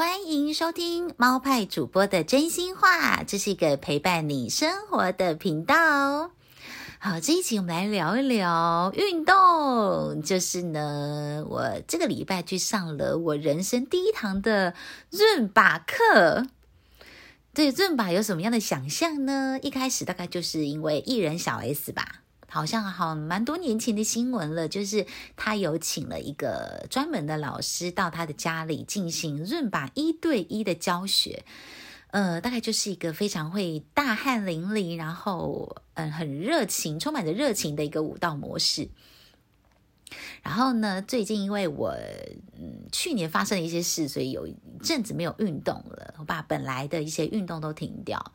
歡迎收聽貓派主播的真心話，這是一個陪伴你生活的頻道。好，這一期我們來聊一聊運動。就是呢，我這個禮拜去上了我人生第一堂的 Zumba 課。對 Zumba 有什麼樣的想象呢？一開始大概就是因為藝人小 S 吧。好像好蠻多年前的新聞了，就是他有請了一個專門的老師到他的家裡進行倫巴一對一的教學，呃，大概就是一個非常會大汗淋漓，然後嗯、呃，很熱情，充滿着熱情的一個舞蹈模式。然後呢，最近因為我嗯去年發生了一些事，所以有一陣子沒有運動了，我把本來的一些運動都停掉，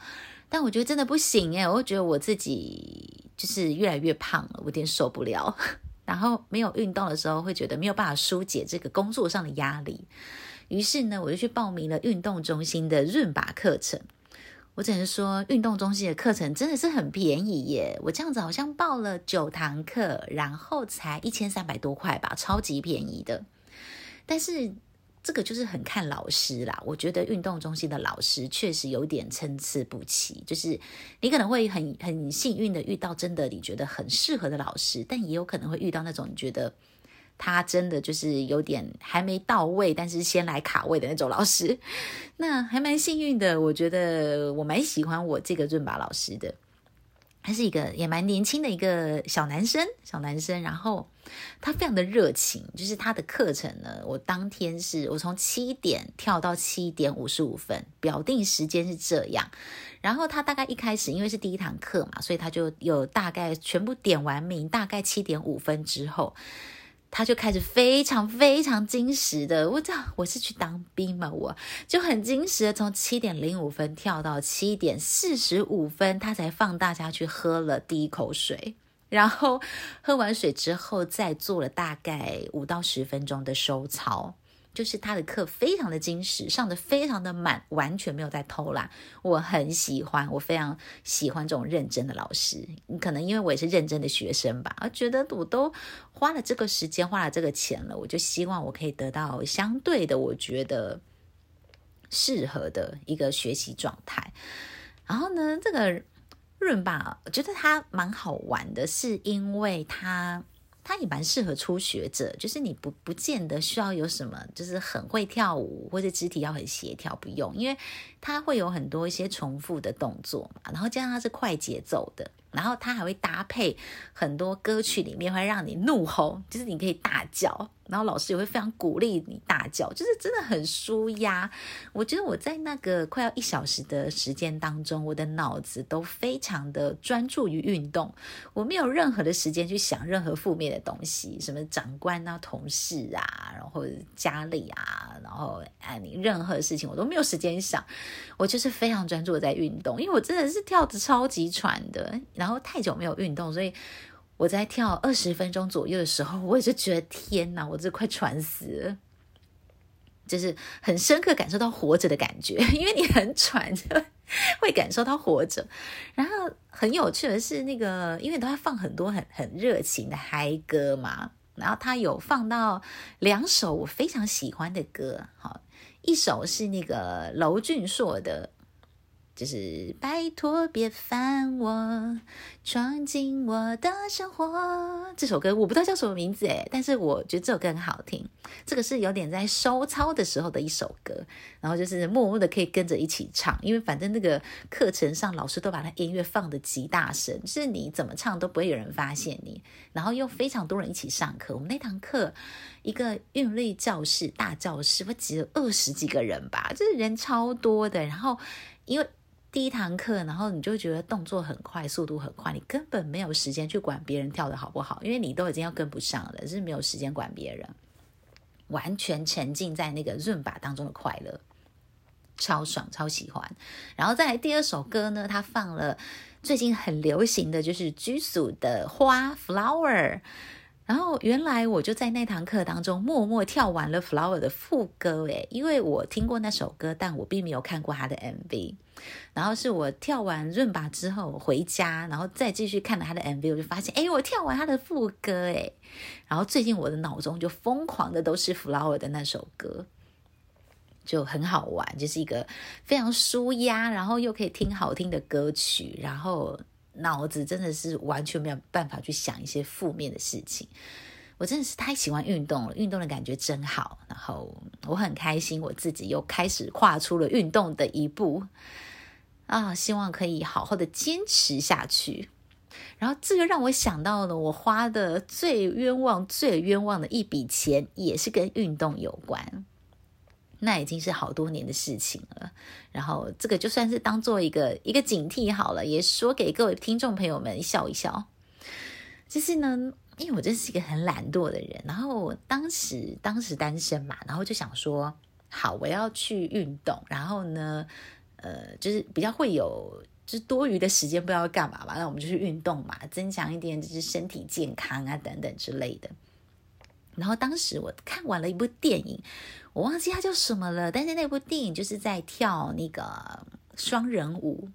但我覺得真的不行誒、欸、我覺得我自己。就是越來越胖了，我有點受不了。然後沒有運動的時候，會覺得沒有辦法疏解這個工作上的壓力。於是呢，我就去報名了運動中心的 Zumba 課程。我只能說，運動中心的課程真的是很便宜耶！我這樣子好像報了九堂課，然後才一千三百多塊吧，超級便宜的。但是這個就是很看老師啦，我覺得運動中心的老師確實有點參差不齊，就是你可能會很很幸運的遇到真的你覺得很適合的老師，但也有可能會遇到那種你覺得他真的就是有點還沒到位，但是先來卡位的那種老師，那還蠻幸運的。我覺得我蠻喜歡我這個 Zumba 老師的。他是一個也蠻年輕的一個小男生，小男生，然後他非常的熱情，就是他的課程呢，我當天是我從七點跳到七點五十五分，表定時間是這樣，然後他大概一開始，因為是第一堂課嘛，所以他就有大概全部點完名，大概七點五分之後，他就開始非常非常精實的，我這樣我是去當兵嘛，我就很精實的，從七點零五分跳到七點四十五分，他才放大家去喝了第一口水，然後喝完水之後再做了大概五到十分鐘的收操。就是他的課非常的精實，上的非常的滿，完全沒有在偷懶。我很喜歡，我非常喜歡這種認真的老師。可能因為我也是認真的學生吧，我覺得我都花了這個時間，花了這個錢了，我就希望我可以得到相對的，我覺得適合的一個學習狀態。然後呢，這個倫巴，我覺得他蠻好玩的，是因為他。它也蠻適合初學者，就是你不不見得需要有什麼，就是很會跳舞或者肢體要很協調，不用，因為它會有很多一些重複的動作，然後加上它是快節奏的，然後它還會搭配很多歌曲裡面會讓你怒吼，就是你可以大叫。然後老師也會非常鼓勵你大叫，就是真的很舒壓。我覺得我在那個快要一小時的時間當中，我的腦子都非常的專注於運動，我沒有任何的時間去想任何負面的東西，什麼長官啊、同事啊，然後家裡啊，然後哎、啊，你任何事情我都沒有時間想，我就是非常專注在運動，因為我真的是跳得超級喘的，然後太久沒有運動，所以。我在跳二十分鐘左右的時候，我也是覺得天哪，我這快喘死了，就是很深刻感受到活着的感覺，因為你很喘，會感受到活着。然後很有趣的是，那個因為都放很多很很熱情的嗨歌嘛，然後他有放到兩首我非常喜歡的歌，好，一首是那個婁峻碩的。就是拜託別煩我，闖進我的生活。這首歌我不知道叫什麼名字誒、欸，但是我覺得這首歌很好聽。這個是有點在收操的時候的一首歌，然後就是默默的可以跟着一起唱，因為反正那個課程上老師都把他音樂放得極大聲，就是你怎麼唱都不會有人發現你。然後又非常多人一起上課，我們那堂課一個韻律教室大教室，我記得二十幾個人吧，就是人超多的，然後。因為第一堂課，然後你就覺得動作很快，速度很快，你根本沒有時間去管別人跳得好不好，因為你都已經要跟不上了，是沒有時間管別人，完全沉浸在那個倫巴當中的快樂，超爽超喜歡。然後再來第二首歌呢，他放了最近很流行的就是 Jisoo 的花 flower。然後原來我就在那堂課當中默默跳完了《flower》的副歌誒，因為我聽過那首歌，但我並沒有看過他的 MV。然後是我跳完倫巴之後回家，然後再繼續看了他的 MV，我就發現，哎，我跳完他的副歌誒。然後最近我的腦中就瘋狂的都是《flower》的那首歌，就很好玩，就是一個非常舒壓，然後又可以聽好聽的歌曲，然後。腦子真的是完全沒有辦法去想一些負面的事情，我真的是太喜歡運動了，運動的感覺真好，然後我很開心我自己又開始跨出了運動的一步，啊，希望可以好好的堅持下去。然後這個讓我想到了，我花的最冤枉、最冤枉的一筆錢也是跟運動有關。那已經是好多年的事情了，然後這個就算是當做一個一個警惕好了，也說給各位聽眾朋友們笑一笑。就是呢，因為我真是一個很懶惰的人，然後我當時當時單身嘛，然後就想說，好，我要去運動，然後呢，呃，就是比較會有就是多餘的時間不知道幹嘛吧，那我們就去運動嘛，增強一點就是身體健康啊等等之類的。然後當時我看完了一部電影，我忘記它叫什麼了。但是那部電影就是在跳那個雙人舞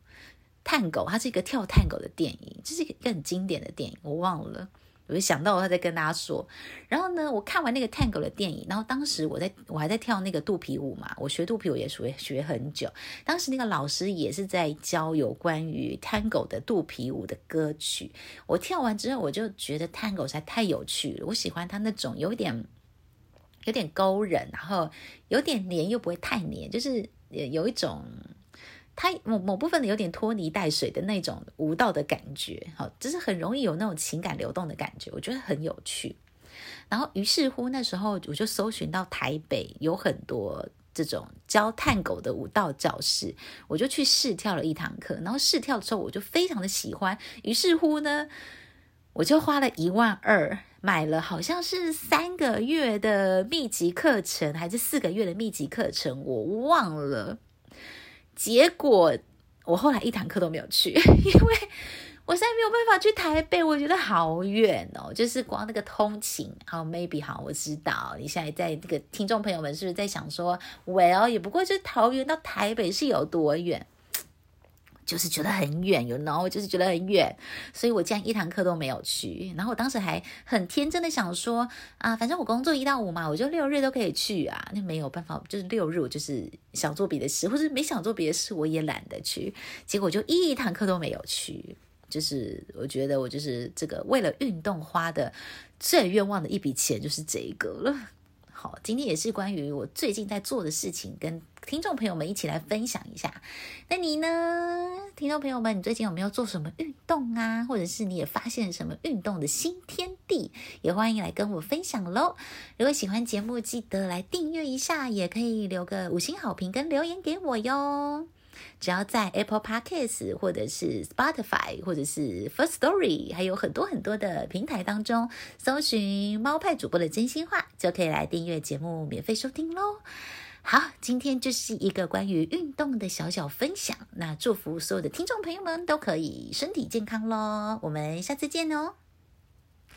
探戈，它是一個跳探戈的電影，這是一個很經典的電影，我忘了。我就想到他，在跟大家說。然後呢，我看完那個 Tango 的電影，然後當時我在我還在跳那個肚皮舞嘛，我學肚皮舞也學學很久。當時那個老師也是在教有關於 Tango 的肚皮舞的歌曲。我跳完之後，我就覺得 Tango 實在太有趣了，我喜歡他那種有一點有點勾人，然後有點黏又不會太黏，就是有一種。它某某部分的有點拖泥帶水的那種舞蹈的感覺，好，就是很容易有那種情感流動的感覺，我覺得很有趣。然後，於是乎那時候我就搜尋到台北有很多這種教探戈的舞蹈教室，我就去試跳了一堂課。然後試跳之後，我就非常的喜歡。於是乎呢，我就花了一萬二買了好像是三個月的密集課程，還是四個月的密集課程，我忘了。結果我後來一堂課都沒有去，因為我現在沒有辦法去台北，我覺得好遠哦。就是光那個通勤，好，oh，maybe 好，oh，我知道你現在在那個、這個聽眾朋友們是不是在想說，Well，也不過就是桃園到台北是有多遠？就是覺得很遠，有然後我就是覺得很遠，所以我竟然一堂課都沒有去。然後我當時還很天真的想說啊，反正我工作一到五嘛，我就六日都可以去啊，那沒有辦法，就是六日我就是想做別的事，或是沒想做別的事，我也懶得去。結果就一堂課都沒有去，就是我覺得我就是這個為了運動花的最冤枉的一筆錢就是這個了。好，今天也是關於我最近在做的事情，跟聽眾朋友們一起來分享一下。那你呢？聽眾朋友們，你最近有沒有做什麼運動啊？或者是你也發現了什麼運動的新天地？也歡迎來跟我分享嘍。如果喜歡節目，記得來訂閱一下，也可以留個五星好評跟留言給我喲。只要在 Apple Podcast 或者是 Spotify 或者是 First Story，還有很多很多的平台當中，搜尋“貓派主播”的真心話，就可以來訂閱節目，免費收聽嘍。好，今天就是一個關於運動的小小分享。那祝福所有的聽眾朋友們都可以身體健康嘍。我們下次見哦。